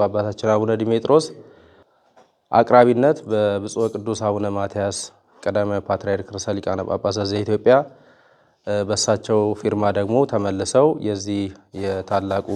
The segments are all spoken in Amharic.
ብፁዕ አባታችን አቡነ ዲሜጥሮስ አቅራቢነት በብፁዕ ቅዱስ አቡነ ማትያስ ቀዳማዊ ፓትርያርክ ርዕሰ ሊቃነ ጳጳሳት ዘኢትዮጵያ በእሳቸው ፊርማ ደግሞ ተመልሰው የዚህ የታላቁ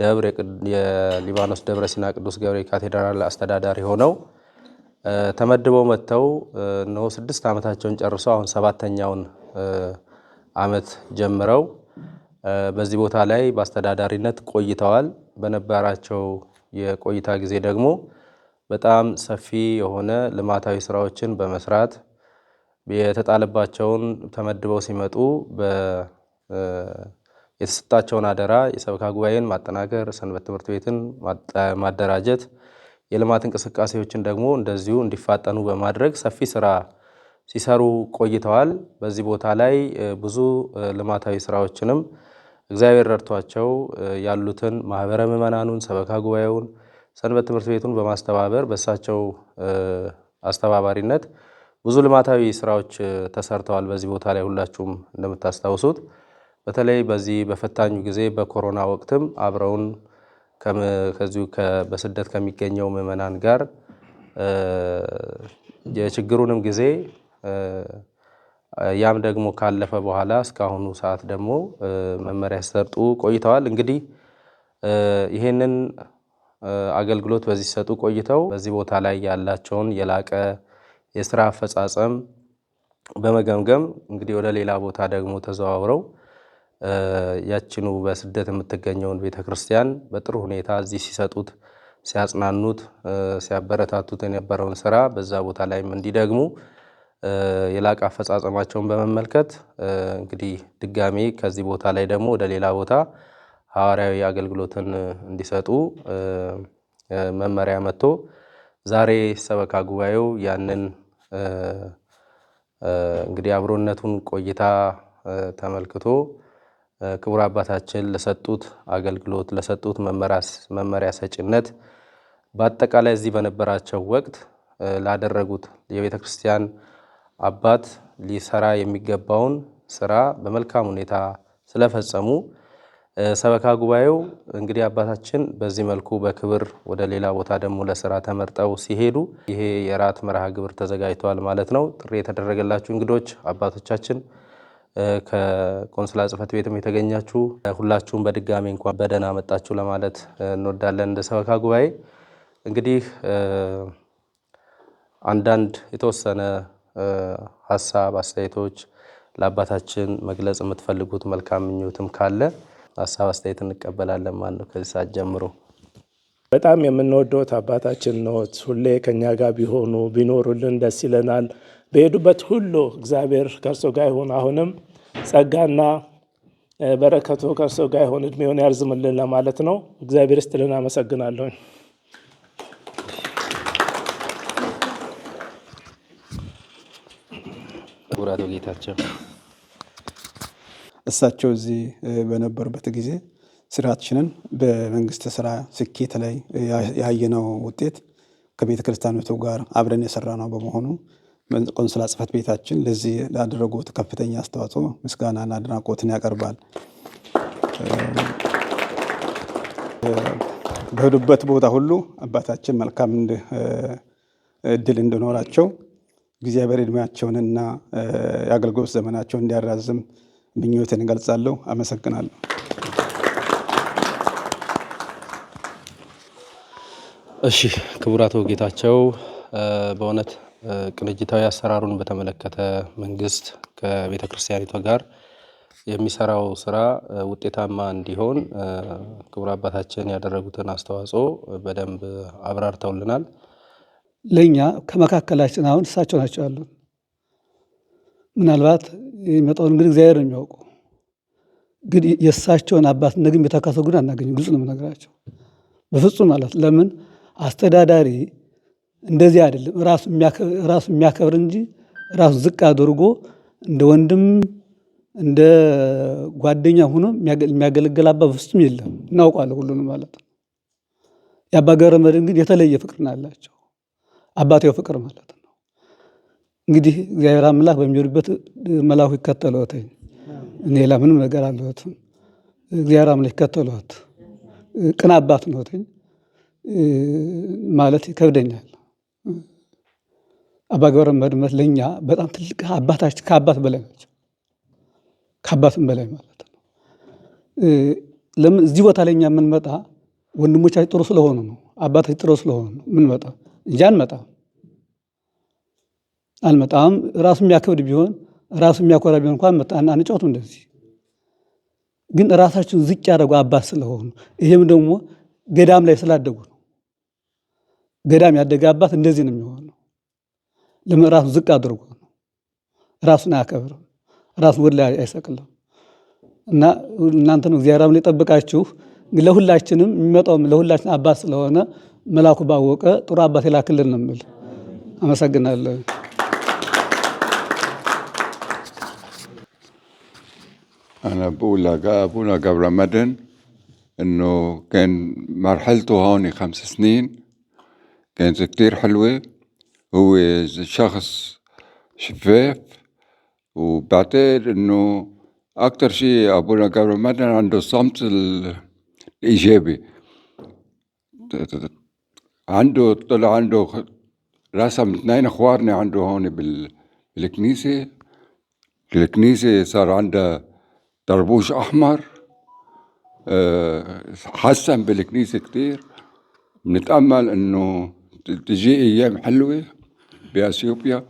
ደብር የሊባኖስ ደብረ ሲና ቅዱስ ገብርኤል ካቴድራል አስተዳዳሪ ሆነው ተመድበው መጥተው እነሆ ስድስት ዓመታቸውን ጨርሰው አሁን ሰባተኛውን ዓመት ጀምረው በዚህ ቦታ ላይ በአስተዳዳሪነት ቆይተዋል። በነበራቸው የቆይታ ጊዜ ደግሞ በጣም ሰፊ የሆነ ልማታዊ ስራዎችን በመስራት የተጣለባቸውን ተመድበው ሲመጡ የተሰጣቸውን አደራ የሰበካ ጉባኤን ማጠናከር፣ ሰንበት ትምህርት ቤትን ማደራጀት፣ የልማት እንቅስቃሴዎችን ደግሞ እንደዚሁ እንዲፋጠኑ በማድረግ ሰፊ ስራ ሲሰሩ ቆይተዋል። በዚህ ቦታ ላይ ብዙ ልማታዊ ስራዎችንም እግዚአብሔር ረድቷቸው ያሉትን ማህበረ ምዕመናኑን፣ ሰበካ ጉባኤውን፣ ሰንበት ትምህርት ቤቱን በማስተባበር በእሳቸው አስተባባሪነት ብዙ ልማታዊ ስራዎች ተሰርተዋል። በዚህ ቦታ ላይ ሁላችሁም እንደምታስታውሱት በተለይ በዚህ በፈታኙ ጊዜ በኮሮና ወቅትም አብረውን ከዚሁ በስደት ከሚገኘው ምዕመናን ጋር የችግሩንም ጊዜ ያም ደግሞ ካለፈ በኋላ እስካሁኑ ሰዓት ደግሞ መመሪያ ሲሰጡ ቆይተዋል። እንግዲህ ይህንን አገልግሎት በዚህ ሲሰጡ ቆይተው በዚህ ቦታ ላይ ያላቸውን የላቀ የስራ አፈጻጸም በመገምገም እንግዲህ ወደ ሌላ ቦታ ደግሞ ተዘዋውረው ያችኑ በስደት የምትገኘውን ቤተ ክርስቲያን በጥሩ ሁኔታ እዚህ ሲሰጡት፣ ሲያጽናኑት፣ ሲያበረታቱት የነበረውን ስራ በዛ ቦታ ላይም እንዲደግሙ የላቀ አፈጻጸማቸውን በመመልከት እንግዲህ ድጋሚ ከዚህ ቦታ ላይ ደግሞ ወደ ሌላ ቦታ ሐዋርያዊ አገልግሎትን እንዲሰጡ መመሪያ መጥቶ ዛሬ ሰበካ ጉባኤው ያንን እንግዲህ አብሮነቱን ቆይታ ተመልክቶ ክቡር አባታችን ለሰጡት አገልግሎት ለሰጡት መመሪያ ሰጭነት በአጠቃላይ እዚህ በነበራቸው ወቅት ላደረጉት የቤተ ክርስቲያን አባት ሊሰራ የሚገባውን ስራ በመልካም ሁኔታ ስለፈጸሙ ሰበካ ጉባኤው እንግዲህ አባታችን በዚህ መልኩ በክብር ወደ ሌላ ቦታ ደግሞ ለስራ ተመርጠው ሲሄዱ ይሄ የራት መርሃ ግብር ተዘጋጅቷል ማለት ነው። ጥሪ የተደረገላችሁ እንግዶች አባቶቻችን፣ ከቆንስላ ጽፈት ቤትም የተገኛችሁ ሁላችሁም በድጋሚ እንኳን በደህና መጣችሁ ለማለት እንወዳለን። እንደ ሰበካ ጉባኤ እንግዲህ አንዳንድ የተወሰነ ሀሳብ አስተያየቶች ለአባታችን መግለጽ የምትፈልጉት መልካም ምኞትም ካለ ሀሳብ አስተያየት እንቀበላለን ማለት ነው። ከዚህ ሰዓት ጀምሮ በጣም የምንወደውት አባታችን ኖት። ሁሌ ከኛ ጋር ቢሆኑ ቢኖሩልን ደስ ይለናል። በሄዱበት ሁሉ እግዚአብሔር ከእርሶ ጋር ይሁን። አሁንም ጸጋና በረከቱ ከእርሶ ጋር ይሁን፣ እድሜውን ያርዝምልን ለማለት ነው። እግዚአብሔር ስትልን አመሰግናለሁኝ። ክቡር አቶ ጌታቸው እሳቸው እዚህ በነበሩበት ጊዜ ስራችንን በመንግስት ስራ ስኬት ላይ ያየነው ውጤት ከቤተ ክርስቲያኖቱ ጋር አብረን የሰራ ነው በመሆኑ ቆንስላ ጽፈት ቤታችን ለዚህ ላደረጉት ከፍተኛ አስተዋጽኦ ምስጋናና አድናቆትን ያቀርባል። በሄዱበት ቦታ ሁሉ አባታችን መልካም እድል እንዲኖራቸው እግዚአብሔር እድሜያቸውንና የአገልግሎት ዘመናቸውን እንዲያራዝም ምኞትን እገልጻለሁ። አመሰግናለሁ። እሺ ክቡር አቶ ጌታቸው በእውነት ቅንጅታዊ አሰራሩን በተመለከተ መንግስት ከቤተ ክርስቲያኒቷ ጋር የሚሰራው ስራ ውጤታማ እንዲሆን ክቡር አባታችን ያደረጉትን አስተዋጽኦ በደንብ አብራርተውልናል። ለእኛ ከመካከላችን አሁን እሳቸው ናቸው ያሉን። ምናልባት የሚመጣውን እንግዲህ እግዚአብሔር ነው የሚያውቁ። ግን የእሳቸውን አባት ግን ቤታካሰ ጉድ አናገኝም። ግልጽ ነው የምነግራቸው በፍጹም ማለት ለምን አስተዳዳሪ እንደዚህ አይደለም። ራሱ የሚያከብር እንጂ ራሱ ዝቅ አድርጎ እንደ ወንድም እንደ ጓደኛ ሆኖ የሚያገለግል አባ በፍጹም የለም። እናውቋለን ሁሉንም ማለት ነው። የአባ ገብረ መድኅን ግን የተለየ ፍቅር አላቸው። አባቴው ፍቅር ማለት ነው። እንግዲህ እግዚአብሔር አምላክ በሚኖርበት መላኩ ይከተለዎት። እኔ ሌላ ምንም ነገር አለሁትም። እግዚአብሔር አምላክ ይከተለዎት። ቅን አባት ነዎት ማለት ይከብደኛል። አባ ገብረ መድመት ለእኛ በጣም ትልቅ አባታች ከአባት በላይ ናቸው። ከአባትም በላይ ማለት ነው። ለምን እዚህ ቦታ ላይ የምንመጣ ወንድሞቻችን ጥሩ ስለሆኑ ነው። አባታችን ጥሩ ስለሆኑ ነው የምንመጣ እንጂ አንመጣም ራሱ የሚያከብድ ቢሆን ራሱ የሚያኮራ ቢሆን እንኳን አንጫወቱም። እንደዚህ ግን ራሳችሁን ዝቅ ያደረጉ አባት ስለሆኑ ይህም ደግሞ ገዳም ላይ ስላደጉ ነው። ገዳም ያደገ አባት እንደዚህ ነው የሚሆነው። ለምን ዝቅ አድርጎ ነው። ራሱን አያከብርም። ራሱን ወደ ላይ አይሰቅልም። እና ነው እግዚአብሔር አምላክ ይጠብቃችሁ። ለሁላችንም የሚመጣውም ለሁላችን አባት ስለሆነ باوكا ባወቀ ጥሩ አባት النمل أما የምል። አመሰግናለሁ። أنا بقول لك أبونا قبل مدن إنه كان مرحلته هون خمس سنين كانت كتير حلوة هو شخص شفاف وبعتقد إنه أكتر شيء أبونا قبل مدن عنده الصمت الإيجابي عنده طلع عنده رسم اثنين اخوارنا عنده هون بالكنيسة الكنيسة صار عندها طربوش أحمر أه حسن بالكنيسة كتير بنتأمل إنه تجي أيام حلوة بأثيوبيا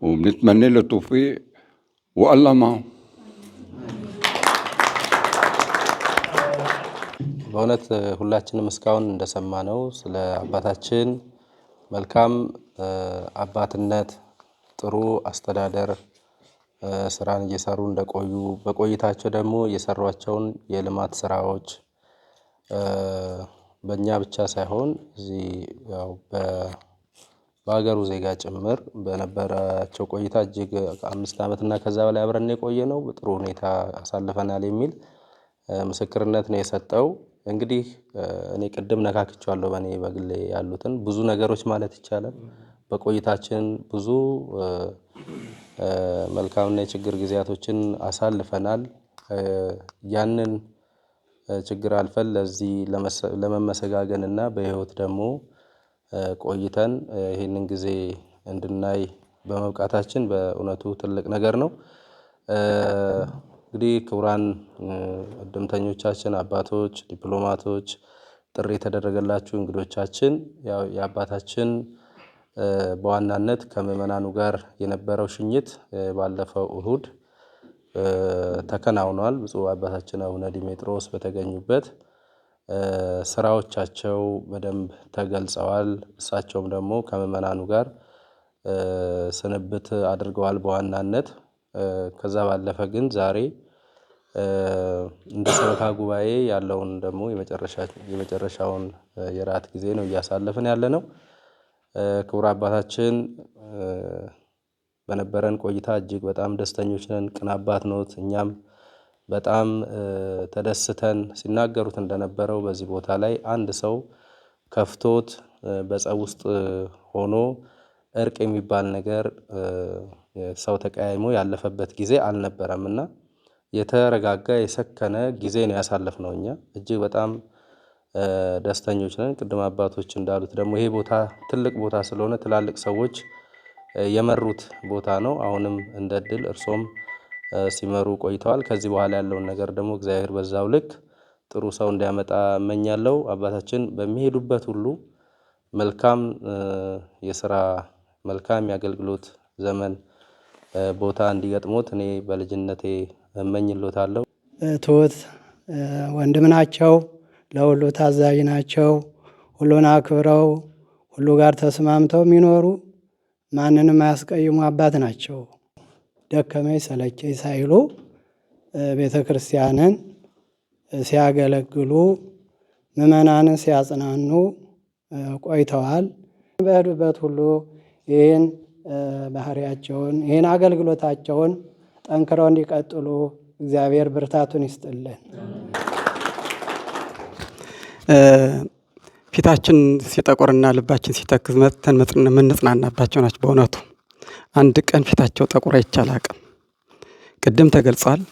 وبنتمنى له التوفيق والله معه በእውነት ሁላችንም እስካሁን እንደሰማነው ስለ አባታችን መልካም አባትነት ጥሩ አስተዳደር ስራን እየሰሩ እንደቆዩ በቆይታቸው ደግሞ የሰሯቸውን የልማት ስራዎች በእኛ ብቻ ሳይሆን እዚህ ያው በሀገሩ ዜጋ ጭምር በነበራቸው ቆይታ እጅግ አምስት ዓመት እና ከዛ በላይ አብረን የቆየ ነው ጥሩ ሁኔታ አሳልፈናል የሚል ምስክርነት ነው የሰጠው። እንግዲህ እኔ ቅድም ነካክቸዋለሁ በእኔ በግሌ ያሉትን ብዙ ነገሮች ማለት ይቻላል። በቆይታችን ብዙ መልካምና የችግር ጊዜያቶችን አሳልፈናል። ያንን ችግር አልፈን ለዚህ ለመመሰጋገን እና በህይወት ደግሞ ቆይተን ይህንን ጊዜ እንድናይ በመብቃታችን በእውነቱ ትልቅ ነገር ነው። እንግዲህ ክቡራን እድምተኞቻችን አባቶች፣ ዲፕሎማቶች፣ ጥሪ የተደረገላችሁ እንግዶቻችን የአባታችን በዋናነት ከምዕመናኑ ጋር የነበረው ሽኝት ባለፈው እሁድ ተከናውኗል። ብፁዕ አባታችን አቡነ ዲሜጥሮስ በተገኙበት ስራዎቻቸው በደንብ ተገልጸዋል። እሳቸውም ደግሞ ከምዕመናኑ ጋር ስንብት አድርገዋል በዋናነት ከዛ ባለፈ ግን ዛሬ እንደ ሰበካ ጉባኤ ያለውን ደግሞ የመጨረሻውን የራት ጊዜ ነው እያሳለፍን ነው። ክቡር አባታችን በነበረን ቆይታ እጅግ በጣም ደስተኞች ነን። ቅን አባት ኖት። እኛም በጣም ተደስተን ሲናገሩት እንደነበረው በዚህ ቦታ ላይ አንድ ሰው ከፍቶት በጸብ ውስጥ ሆኖ እርቅ የሚባል ነገር ሰው ተቀያይሞ ያለፈበት ጊዜ አልነበረም እና የተረጋጋ የሰከነ ጊዜ ነው ያሳለፍነው። እኛ እጅግ በጣም ደስተኞች ነን። ቅድም አባቶች እንዳሉት ደግሞ ይሄ ቦታ ትልቅ ቦታ ስለሆነ ትላልቅ ሰዎች የመሩት ቦታ ነው። አሁንም እንደ ድል እርሶም ሲመሩ ቆይተዋል። ከዚህ በኋላ ያለውን ነገር ደግሞ እግዚአብሔር በዛው ልክ ጥሩ ሰው እንዲያመጣ እመኛለሁ። አባታችን በሚሄዱበት ሁሉ መልካም የስራ መልካም የአገልግሎት ዘመን ቦታ እንዲገጥሙት እኔ በልጅነቴ እመኝሎታለሁ። ትሁት ወንድም ናቸው። ለሁሉ ታዛዥ ናቸው። ሁሉን አክብረው ሁሉ ጋር ተስማምተው የሚኖሩ ማንንም አያስቀይሙ አባት ናቸው። ደከመኝ ሰለቸኝ ሳይሉ ቤተ ክርስቲያንን ሲያገለግሉ ምዕመናንን ሲያጽናኑ ቆይተዋል። በሄዱበት ሁሉ ይህን ባህሪያቸውን ይህን አገልግሎታቸውን ጠንክረው እንዲቀጥሉ እግዚአብሔር ብርታቱን ይስጥልን። ፊታችን ሲጠቁርና ልባችን ሲተክዝ መተን የምንጽናናባቸው ናቸው። በእውነቱ አንድ ቀን ፊታቸው ጠቁር አይቻል አቅም ቅድም ተገልጿል፣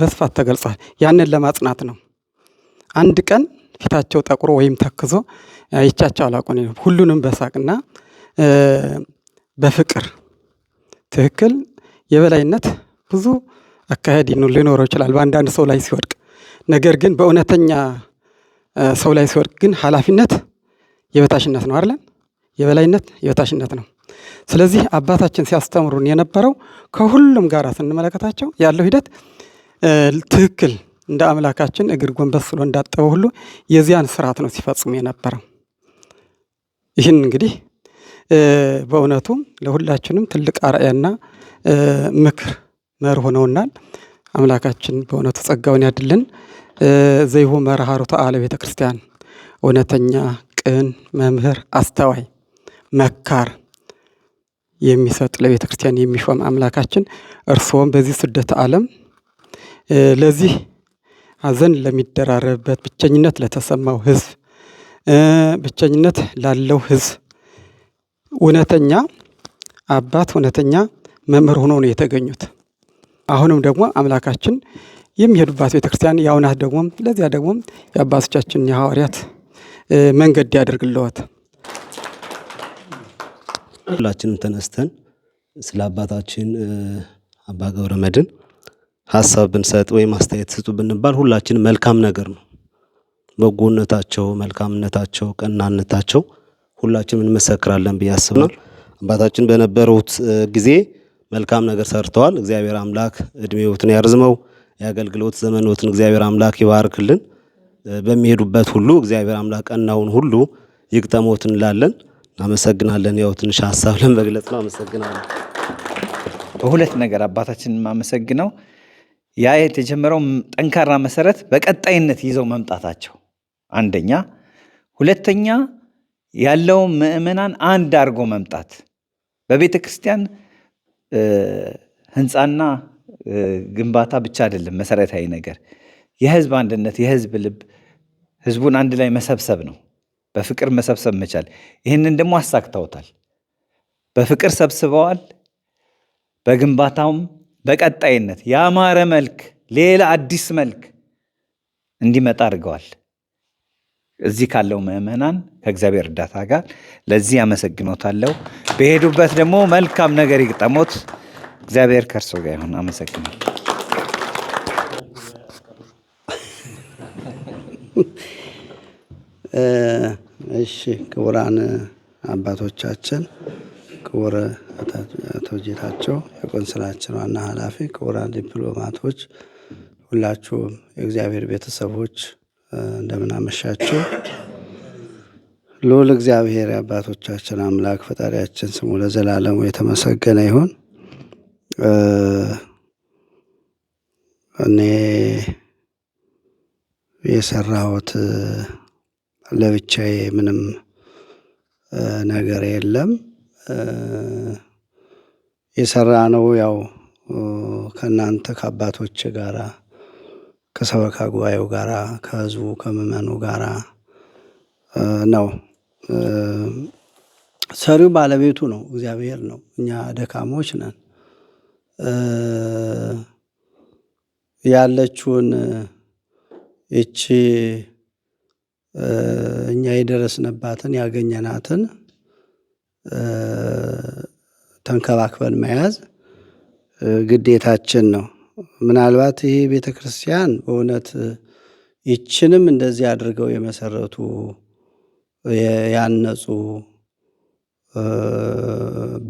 በስፋት ተገልጿል። ያንን ለማጽናት ነው። አንድ ቀን ፊታቸው ጠቁሮ ወይም ተክዞ አይቻቸው አላቁን ሁሉንም በሳቅና በፍቅር ትክክል የበላይነት ብዙ አካሄድ ሊኖረው ይችላል በአንዳንድ ሰው ላይ ሲወድቅ። ነገር ግን በእውነተኛ ሰው ላይ ሲወድቅ ግን ሀላፊነት የበታሽነት ነው አይደል? የበላይነት የበታሽነት ነው። ስለዚህ አባታችን ሲያስተምሩን የነበረው ከሁሉም ጋር ስንመለከታቸው ያለው ሂደት ትክክል እንደ አምላካችን እግር ጎንበስ ብሎ እንዳጠበው ሁሉ የዚያን ስርዓት ነው ሲፈጽሙ የነበረው። ይህን እንግዲህ በእውነቱ ለሁላችንም ትልቅ አርአያና ምክር መር ሆነውናል። አምላካችን በእውነቱ ጸጋውን ያድልን። ዘይሁ መርሃሩተ አለ ቤተ ክርስቲያን እውነተኛ ቅን መምህር፣ አስተዋይ መካር የሚሰጥ ለቤተ ክርስቲያን የሚሾም አምላካችን እርስዎም በዚህ ስደት ዓለም ለዚህ ሐዘን ለሚደራረብበት ብቸኝነት ለተሰማው ሕዝብ ብቸኝነት ላለው ሕዝብ እውነተኛ አባት እውነተኛ መምህር ሆኖ ነው የተገኙት። አሁንም ደግሞ አምላካችን የሚሄዱባት ቤተክርስቲያን ያው ደግሞ ለዚያ ደግሞ የአባቶቻችን የሐዋርያት መንገድ ያደርግለዋት። ሁላችንም ተነስተን ስለ አባታችን አባ ገብረ መድን ሀሳብ ብንሰጥ ወይም አስተያየት ስጡ ብንባል ሁላችን መልካም ነገር ነው። በጎነታቸው፣ መልካምነታቸው፣ ቀናነታቸው ሁላችንም እንመሰክራለን ብዬ አስብናል። አባታችን በነበሩት ጊዜ መልካም ነገር ሰርተዋል። እግዚአብሔር አምላክ እድሜዎትን ያርዝመው፣ የአገልግሎት ዘመኖትን እግዚአብሔር አምላክ ይባርክልን። በሚሄዱበት ሁሉ እግዚአብሔር አምላክ ቀናውን ሁሉ ይግጠሞት እንላለን። እናመሰግናለን። ያው ትንሽ ሀሳብ ለመግለጽ ነው። አመሰግናለን። በሁለት ነገር አባታችን የማመሰግነው ያ የተጀመረው ጠንካራ መሰረት በቀጣይነት ይዘው መምጣታቸው አንደኛ፣ ሁለተኛ ያለውን ምእመናን አንድ አድርጎ መምጣት በቤተ ክርስቲያን ህንፃና ግንባታ ብቻ አይደለም መሰረታዊ ነገር። የህዝብ አንድነት፣ የህዝብ ልብ፣ ህዝቡን አንድ ላይ መሰብሰብ ነው። በፍቅር መሰብሰብ መቻል። ይህንን ደግሞ አሳክተውታል። በፍቅር ሰብስበዋል። በግንባታውም በቀጣይነት ያማረ መልክ፣ ሌላ አዲስ መልክ እንዲመጣ አድርገዋል። እዚህ ካለው ምዕመናን ከእግዚአብሔር እርዳታ ጋር ለዚህ አመሰግኖታለሁ። በሄዱበት ደግሞ መልካም ነገር ይግጠሞት። እግዚአብሔር ከእርሶ ጋር ይሁን። አመሰግናል። እሺ፣ ክቡራን አባቶቻችን፣ ክቡር አቶ ጌታቸው የቆንስላችን ዋና ኃላፊ፣ ክቡራን ዲፕሎማቶች፣ ሁላችሁም የእግዚአብሔር ቤተሰቦች እንደምን አመሻችሁ። ልዑል እግዚአብሔር አባቶቻችን አምላክ ፈጣሪያችን ስሙ ለዘላለሙ የተመሰገነ ይሁን። እኔ የሰራሁት ለብቻዬ ምንም ነገር የለም። የሰራ ነው ያው ከእናንተ ከአባቶች ጋራ ከሰበካ ጉባኤው ጋር ከህዝቡ ከምዕመኑ ጋር ነው። ሰሪው ባለቤቱ ነው፣ እግዚአብሔር ነው። እኛ ደካሞች ነን። ያለችውን ይቺ እኛ የደረስንባትን ያገኘናትን ተንከባክበን መያዝ ግዴታችን ነው። ምናልባት ይሄ ቤተ ክርስቲያን በእውነት ይችንም እንደዚህ አድርገው የመሰረቱ ያነጹ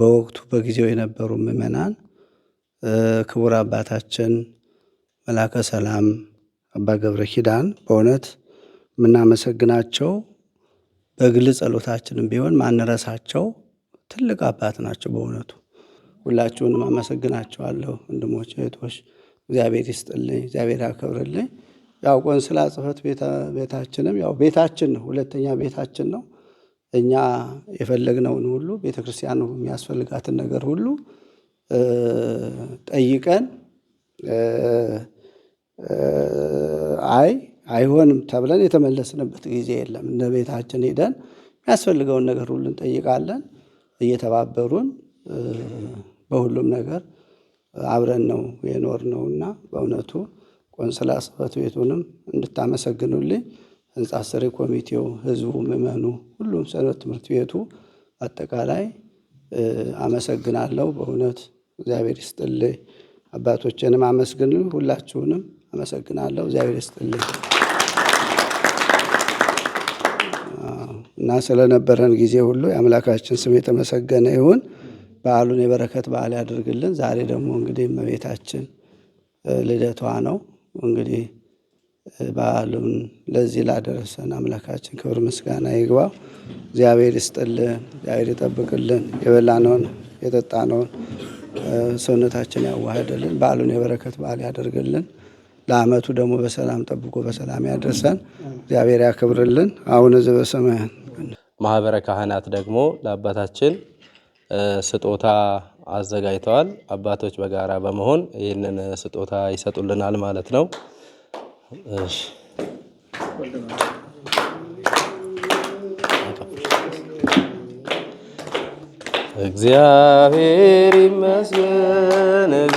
በወቅቱ በጊዜው የነበሩ ምዕመናን ክቡር አባታችን መላከ ሰላም አባ ገብረ ኪዳን በእውነት የምናመሰግናቸው በግል ጸሎታችንም ቢሆን ማንረሳቸው ትልቅ አባት ናቸው በእውነቱ። ሁላችሁንም አመሰግናችኋለሁ። ወንድሞች እህቶች፣ እግዚአብሔር ይስጥልኝ፣ እግዚአብሔር ያከብርልኝ። ያው ቆንስላ ጽሕፈት ቤታችንም ያው ቤታችን ነው፣ ሁለተኛ ቤታችን ነው። እኛ የፈለግነውን ሁሉ ቤተክርስቲያን የሚያስፈልጋትን ነገር ሁሉ ጠይቀን አይ አይሆንም ተብለን የተመለስንበት ጊዜ የለም። እንደ ቤታችን ሄደን የሚያስፈልገውን ነገር ሁሉ እንጠይቃለን እየተባበሩን በሁሉም ነገር አብረን ነው ነው እና በእውነቱ ቆንስላ ጽሕፈት ቤቱንም እንድታመሰግኑልኝ ህንፃ ስሪ ኮሚቴው፣ ህዝቡ፣ ምዕመኑ፣ ሁሉም ሰንበት ትምህርት ቤቱ አጠቃላይ አመሰግናለሁ። በእውነት እግዚአብሔር ይስጥልኝ። አባቶችንም አመስግን፣ ሁላችሁንም አመሰግናለሁ። እግዚአብሔር ይስጥልኝ እና ስለነበረን ጊዜ ሁሉ የአምላካችን ስም የተመሰገነ ይሁን። በዓሉን የበረከት በዓል ያደርግልን ዛሬ ደግሞ እንግዲህ እመቤታችን ልደቷ ነው። እንግዲህ በዓሉን ለዚህ ላደረሰን አምላካችን ክብር ምስጋና ይግባው። እግዚአብሔር ይስጥልን፣ እግዚአብሔር ይጠብቅልን። የበላነውን የጠጣነውን ሰውነታችን ያዋህደልን በዓሉን የበረከት በዓል ያደርግልን። ለዓመቱ ደግሞ በሰላም ጠብቆ በሰላም ያደርሰን። እግዚአብሔር ያክብርልን። አቡነ ዘበሰማያት። ማህበረ ካህናት ደግሞ ለአባታችን ስጦታ አዘጋጅተዋል። አባቶች በጋራ በመሆን ይህንን ስጦታ ይሰጡልናል ማለት ነው። እግዚአብሔር ይመስገን።